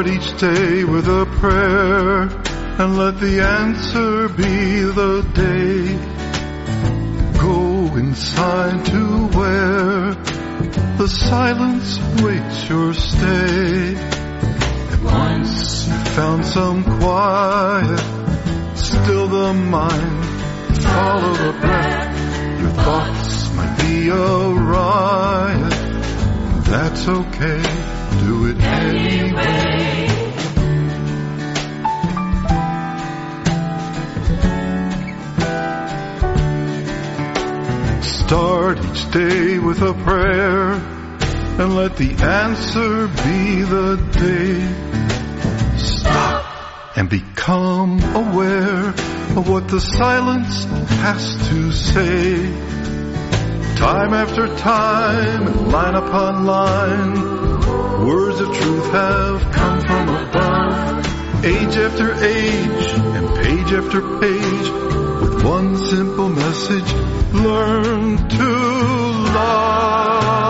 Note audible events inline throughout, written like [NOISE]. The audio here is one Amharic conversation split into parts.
Start each day with a prayer and let the answer be the day. Go inside to where the silence waits your stay. And once you found some quiet, still the mind, follow the breath. Your thoughts might be a riot. That's okay. Do it anyway. Start each day with a prayer and let the answer be the day. Stop and become aware of what the silence has to say. Time after time, line upon line, Words of truth have come from above, age after age and page after page, with one simple message, learn to love.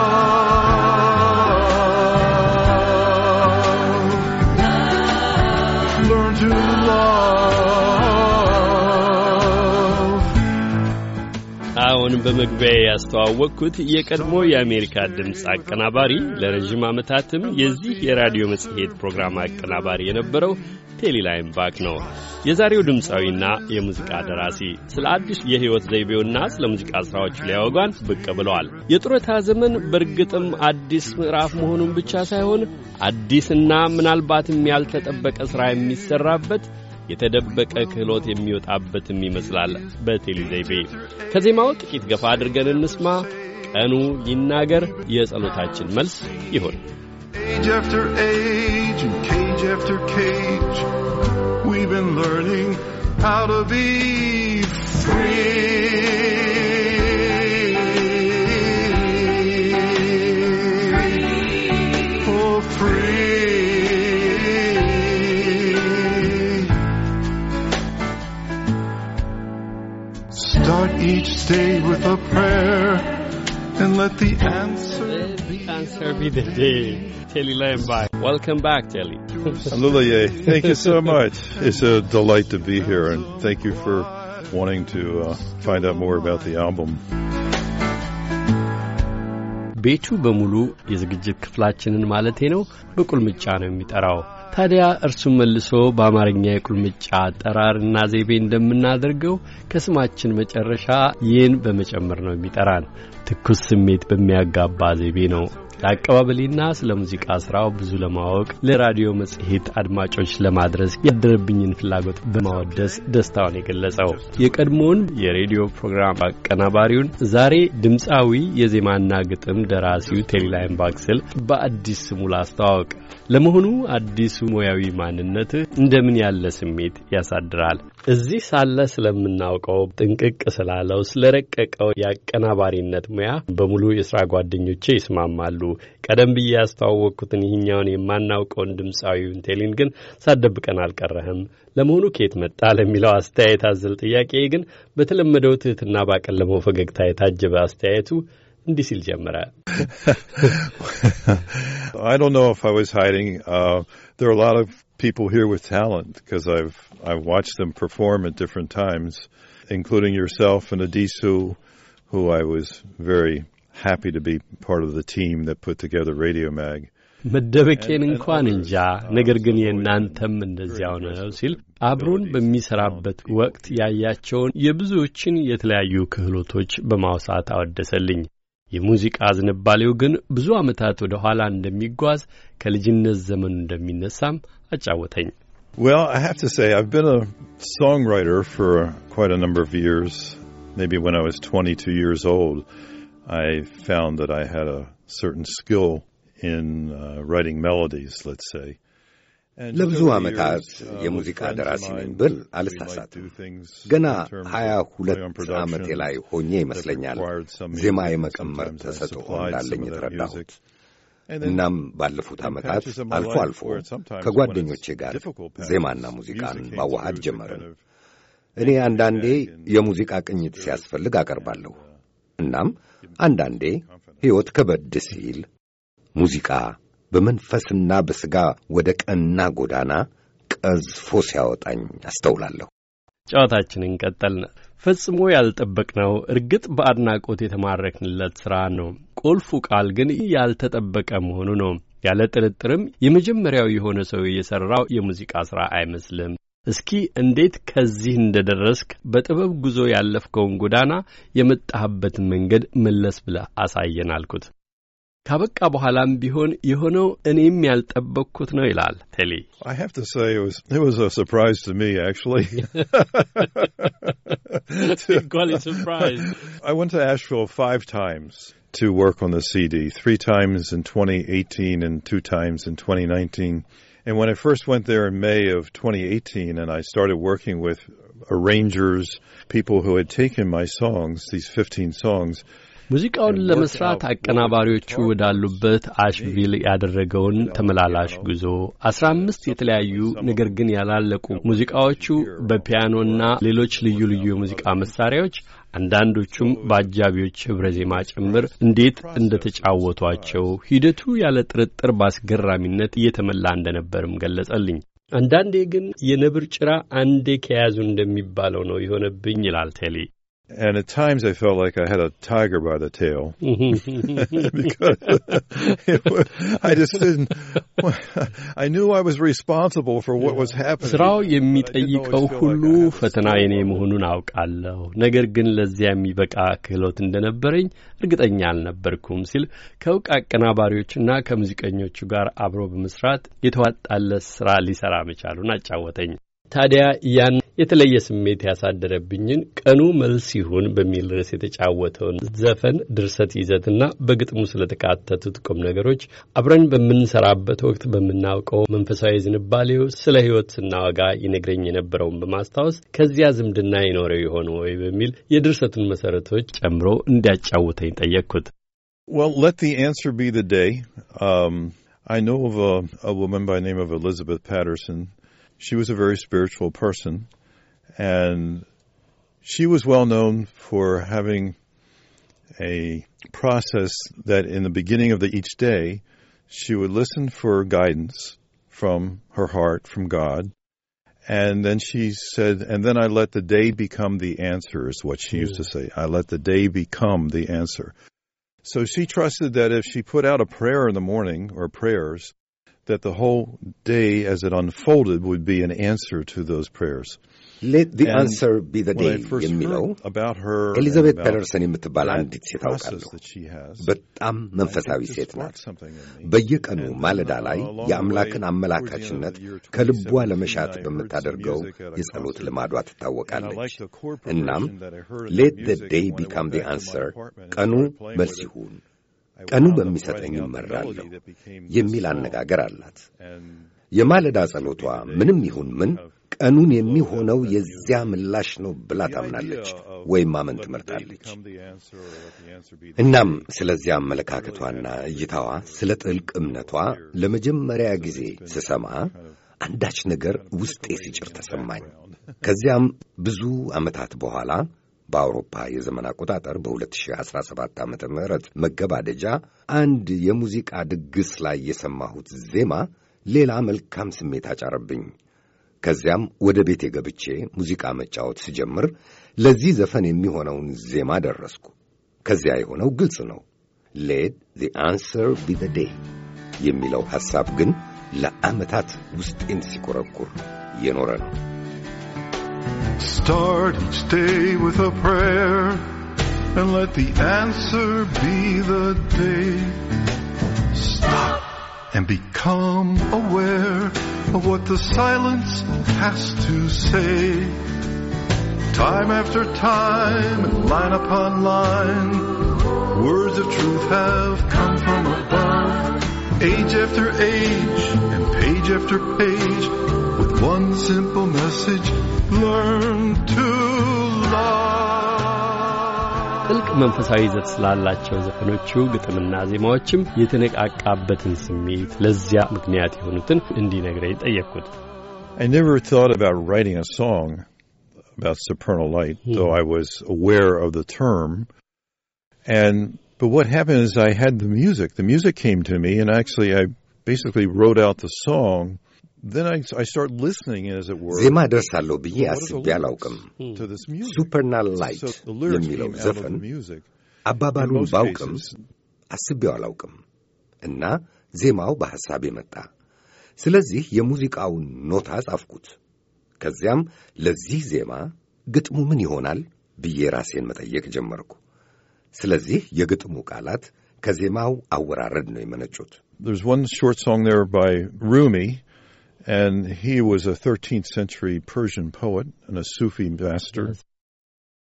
በመግቢያ ያስተዋወቅኩት የቀድሞ የአሜሪካ ድምፅ አቀናባሪ ለረዥም ዓመታትም የዚህ የራዲዮ መጽሔት ፕሮግራም አቀናባሪ የነበረው ቴሊላይም ባክ ነው። የዛሬው ድምፃዊና የሙዚቃ ደራሲ ስለ አዲስ የሕይወት ዘይቤውና ስለ ሙዚቃ ሥራዎቹ ሊያወጓን ብቅ ብለዋል። የጡረታ ዘመን በእርግጥም አዲስ ምዕራፍ መሆኑን ብቻ ሳይሆን አዲስና ምናልባትም ያልተጠበቀ ሥራ የሚሠራበት የተደበቀ ክህሎት የሚወጣበትም ይመስላል። በቴሌ ዘይቤ ከዜማው ጥቂት ገፋ አድርገን እንስማ። ቀኑ ይናገር የጸሎታችን መልስ ይሁን። Age after age and cage after cage, we've been learning how to be free. stay with a prayer and let the answer answer be the day. Telly Lambai. Welcome back, Telly. Alulaye, thank you so much. It's a delight to be here, and thank you for wanting to uh, find out more about the album. ቤቱ በሙሉ የዝግጅት ክፍላችንን ማለቴ ነው በቁልምጫ ነው የሚጠራው ታዲያ እርሱ መልሶ በአማርኛ የቁልምጫ አጠራርና ዘይቤ እንደምናደርገው ከስማችን መጨረሻ ይህን በመጨመር ነው የሚጠራን። ትኩስ ስሜት በሚያጋባ ዘይቤ ነው። ለአቀባበሌና ስለ ሙዚቃ ስራው ብዙ ለማወቅ ለራዲዮ መጽሔት አድማጮች ለማድረስ ያደረብኝን ፍላጎት በማወደስ ደስታውን የገለጸው የቀድሞውን የሬዲዮ ፕሮግራም አቀናባሪውን ዛሬ ድምፃዊ የዜማና ግጥም ደራሲው ቴሌላይም ባክስል በአዲስ ስሙ ላስተዋወቅ ለመሆኑ አዲሱ ሙያዊ ማንነት እንደምን ያለ ስሜት ያሳድራል? እዚህ ሳለ ስለምናውቀው ጥንቅቅ ስላለው ስለ ረቀቀው የአቀናባሪነት ሙያ በሙሉ የስራ ጓደኞቼ ይስማማሉ። ቀደም ብዬ ያስተዋወቅኩትን ይህኛውን የማናውቀውን ድምፃዊውን ቴሊን ግን ሳደብቀን አልቀረህም። ለመሆኑ ከየት መጣ ለሚለው አስተያየት አዘል ጥያቄ ግን በተለመደው ትህትና ባቀለመው ፈገግታ የታጀበ አስተያየቱ እንዲህ ሲል ጀመረ። [LAUGHS] I don't know if I was hiding. Uh, there are a lot of people here with talent because I've I've watched them perform at different times, including yourself and Adisu, who I was very happy to be part of the team that put together Radio Mag. መደበቄን እንኳን እንጃ፣ uh, ነገር ግን የእናንተም እንደዚያው ነው ሲል አብሮን በሚሰራበት ወቅት ያያቸውን የብዙዎችን የተለያዩ ክህሎቶች በማውሳት አወደሰልኝ። የሙዚቃ ዝንባሌው ግን ብዙ ዓመታት ወደ ኋላ እንደሚጓዝ ከልጅነት ዘመኑ እንደሚነሳም አጫወተኝ። Well, I have to say, I've been a songwriter for quite a number of years. Maybe when I was 22 years old, I found that I had a certain skill in uh, writing melodies, let's say. ለብዙ ዓመታት የሙዚቃ ደራሲ ነኝ ብል አልሳሳትም። ገና ሀያ ሁለት ዓመቴ ላይ ሆኜ ይመስለኛል ዜማ የመቀመር ተሰጥኦ እንዳለኝ የተረዳሁት። እናም ባለፉት ዓመታት አልፎ አልፎ ከጓደኞቼ ጋር ዜማና ሙዚቃን ማዋሃድ ጀመርን። እኔ አንዳንዴ የሙዚቃ ቅኝት ሲያስፈልግ አቀርባለሁ። እናም አንዳንዴ ሕይወት ከበድ ሲል ሙዚቃ በመንፈስና በሥጋ ወደ ቀና ጎዳና ቀዝፎ ሲያወጣኝ አስተውላለሁ። ጨዋታችንን ቀጠልን። ፈጽሞ ያልጠበቅነው እርግጥ በአድናቆት የተማረክንለት ሥራ ነው። ቁልፉ ቃል ግን ያልተጠበቀ መሆኑ ነው። ያለ ጥርጥርም የመጀመሪያው የሆነ ሰው የሠራው የሙዚቃ ሥራ አይመስልም። እስኪ እንዴት ከዚህ እንደደረስክ በጥበብ ጉዞ ያለፍከውን ጎዳና የመጣህበትን መንገድ መለስ ብለህ አሳየን አልኩት። ካበቃ በኋላም ቢሆን የሆነው እኔም ያልጠበቅኩት ነው ይላል ቴሊ። I have to say it was it was a surprise to me actually. [LAUGHS] a surprise. I went to Asheville five times to work on the CD, three times in 2018 and two times in 2019. And when I first went there in May of 2018 and I started working with arrangers, people who had taken my songs, these 15 songs, ሙዚቃውን ለመስራት አቀናባሪዎቹ ወዳሉበት አሽቪል ያደረገውን ተመላላሽ ጉዞ አስራ አምስት የተለያዩ ነገር ግን ያላለቁ ሙዚቃዎቹ በፒያኖና ሌሎች ልዩ ልዩ የሙዚቃ መሳሪያዎች አንዳንዶቹም በአጃቢዎች ኅብረ ዜማ ጭምር እንዴት እንደተጫወቷቸው ሂደቱ ያለ ጥርጥር በአስገራሚነት እየተመላ እንደነበርም ገለጸልኝ። አንዳንዴ ግን የነብር ጭራ አንዴ ከያዙ እንደሚባለው ነው የሆነብኝ ይላል ቴሌ። and at times I felt like I had a tiger by the tail mm-hmm. [LAUGHS] [LAUGHS] because I just didn't. I knew I was responsible for what was happening. ስራው የሚጠይቀው ሁሉ ፈተና የኔ መሆኑን አውቃለሁ፣ ነገር ግን ለዚያ የሚበቃ ክህሎት እንደነበረኝ እርግጠኛ አልነበርኩም ሲል ከእውቅ አቀናባሪዎችና ከሙዚቀኞቹ ጋር አብሮ በመስራት የተዋጣለት ስራ ሊሰራ መቻሉን አጫወተኝ። ታዲያ ያን የተለየ ስሜት ያሳደረብኝን ቀኑ መልስ ይሁን በሚል ርዕስ የተጫወተውን ዘፈን ድርሰት ይዘትና በግጥሙ ስለተካተቱት ቁም ነገሮች አብረን በምንሰራበት ወቅት በምናውቀው መንፈሳዊ ዝንባሌው ስለ ሕይወት ስናወጋ ይነግረኝ የነበረውን በማስታወስ ከዚያ ዝምድና ይኖረው የሆነ ወይ በሚል የድርሰቱን መሰረቶች ጨምሮ እንዲያጫውተኝ ጠየቅኩት። Well, let the answer be the day. Um, I know of a, a woman by the name of Elizabeth Patterson. she was a very spiritual person, and she was well known for having a process that in the beginning of the, each day, she would listen for guidance from her heart, from God. And then she said, and then I let the day become the answer, is what she mm. used to say. I let the day become the answer. So she trusted that if she put out a prayer in the morning or prayers, that the whole day as it unfolded would be an answer to those prayers. Let the and answer be the day የሚለው ኤሊዛቤት ፐለርሰን የምትባል አንዲት ሴት አውቃለሁ። በጣም መንፈሳዊ ሴት ናት። በየቀኑ ማለዳ uh, ላይ የአምላክን አመላካችነት ከልቧ ለመሻት በምታደርገው የጸሎት ልማዷ ትታወቃለች። እናም ሌት ደ ዴይ ቢካም ዲ አንሰር ቀኑ መልስ ይሁን ቀኑ በሚሰጠኝ እመራለሁ የሚል አነጋገር አላት። የማለዳ ጸሎቷ ምንም ይሁን ምን ቀኑን የሚሆነው የዚያ ምላሽ ነው ብላ ታምናለች ወይም ማመን ትመርጣለች። እናም ስለዚያ አመለካከቷና እይታዋ ስለ ጥልቅ እምነቷ ለመጀመሪያ ጊዜ ስሰማ አንዳች ነገር ውስጤ ሲጭር ተሰማኝ። ከዚያም ብዙ ዓመታት በኋላ በአውሮፓ የዘመን አቆጣጠር በ2017 ዓ ም መገባደጃ አንድ የሙዚቃ ድግስ ላይ የሰማሁት ዜማ ሌላ መልካም ስሜት አጫረብኝ። ከዚያም ወደ ቤቴ ገብቼ ሙዚቃ መጫወት ስጀምር ለዚህ ዘፈን የሚሆነውን ዜማ ደረስኩ። ከዚያ የሆነው ግልጽ ነው። ሌት ዘ አንሰር ቢ ዘ ዴይ የሚለው ሐሳብ ግን ለዓመታት ውስጤን ሲኮረኩር የኖረ ነው። Start each day with a prayer and let the answer be the day. Stop and become aware of what the silence has to say. Time after time, and line upon line, words of truth have come from above. Age after age and page after page with one simple message ጥልቅ መንፈሳዊ ይዘት ስላላቸው ዘፈኖቹ ግጥምና ዜማዎችም የተነቃቃበትን ስሜት ለዚያ ምክንያት የሆኑትን እንዲነግረኝ ጠየቅኩት። I never thought about writing a song about supernal light, hmm. though I was aware of the term. And but what happened is I had the music. The music came to me, and actually I basically wrote out the song ዜማ ደርሳለሁ ብዬ አስቤ አላውቅም። ሱፐርና ላይት የሚለው ዘፈን አባባሉን ባውቅም አስቤው አላውቅም እና ዜማው በሐሳብ የመጣ ስለዚህ የሙዚቃውን ኖታ ጻፍኩት። ከዚያም ለዚህ ዜማ ግጥሙ ምን ይሆናል ብዬ ራሴን መጠየቅ ጀመርኩ። ስለዚህ የግጥሙ ቃላት ከዜማው አወራረድ ነው የመነጩት። And he was a 13th century Persian poet and a Sufi master. Yes.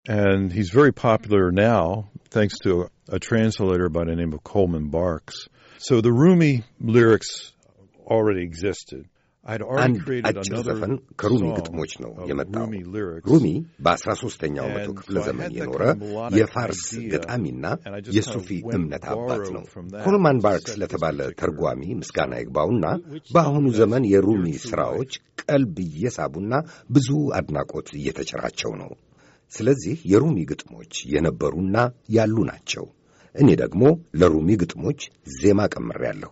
And he's very popular now, thanks to a translator by the name of Coleman Barks. So the Rumi lyrics already existed. አንድ አጭር ዘፈን ከሩሚ ግጥሞች ነው የመጣው። ሩሚ በአስራ ሦስተኛው መቶ ክፍለ ዘመን የኖረ የፋርስ ገጣሚና የሱፊ እምነት አባት ነው። ኮልማን ባርክስ ለተባለ ተርጓሚ ምስጋና ይግባውና በአሁኑ ዘመን የሩሚ ሥራዎች ቀልብ እየሳቡና ብዙ አድናቆት እየተቸራቸው ነው። ስለዚህ የሩሚ ግጥሞች የነበሩና ያሉ ናቸው። እኔ ደግሞ ለሩሚ ግጥሞች ዜማ ቀምሬያለሁ።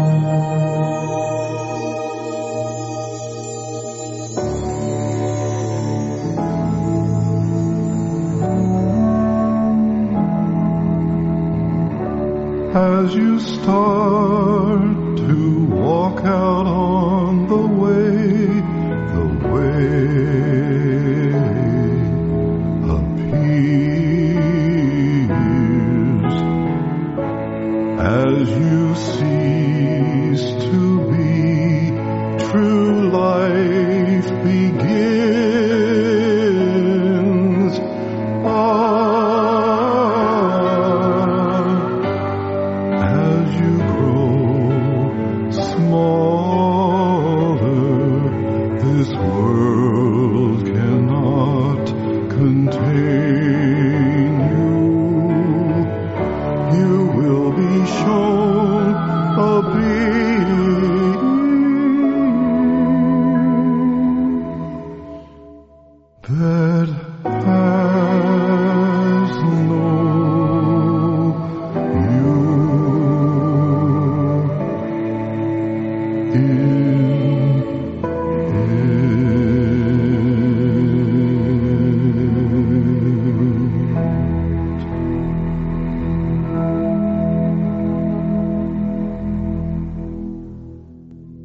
you see.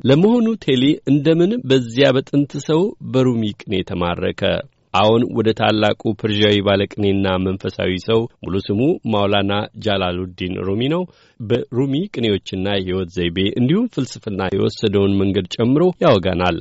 ለመሆኑ ቴሌ እንደምን በዚያ በጥንት ሰው በሩሚ ቅኔ ተማረከ? አሁን ወደ ታላቁ ፐርዣዊ ባለቅኔና መንፈሳዊ ሰው ሙሉ ስሙ ማውላና ጃላሉዲን ሩሚ ነው። በሩሚ ቅኔዎችና የሕይወት ዘይቤ እንዲሁም ፍልስፍና የወሰደውን መንገድ ጨምሮ ያወጋናል።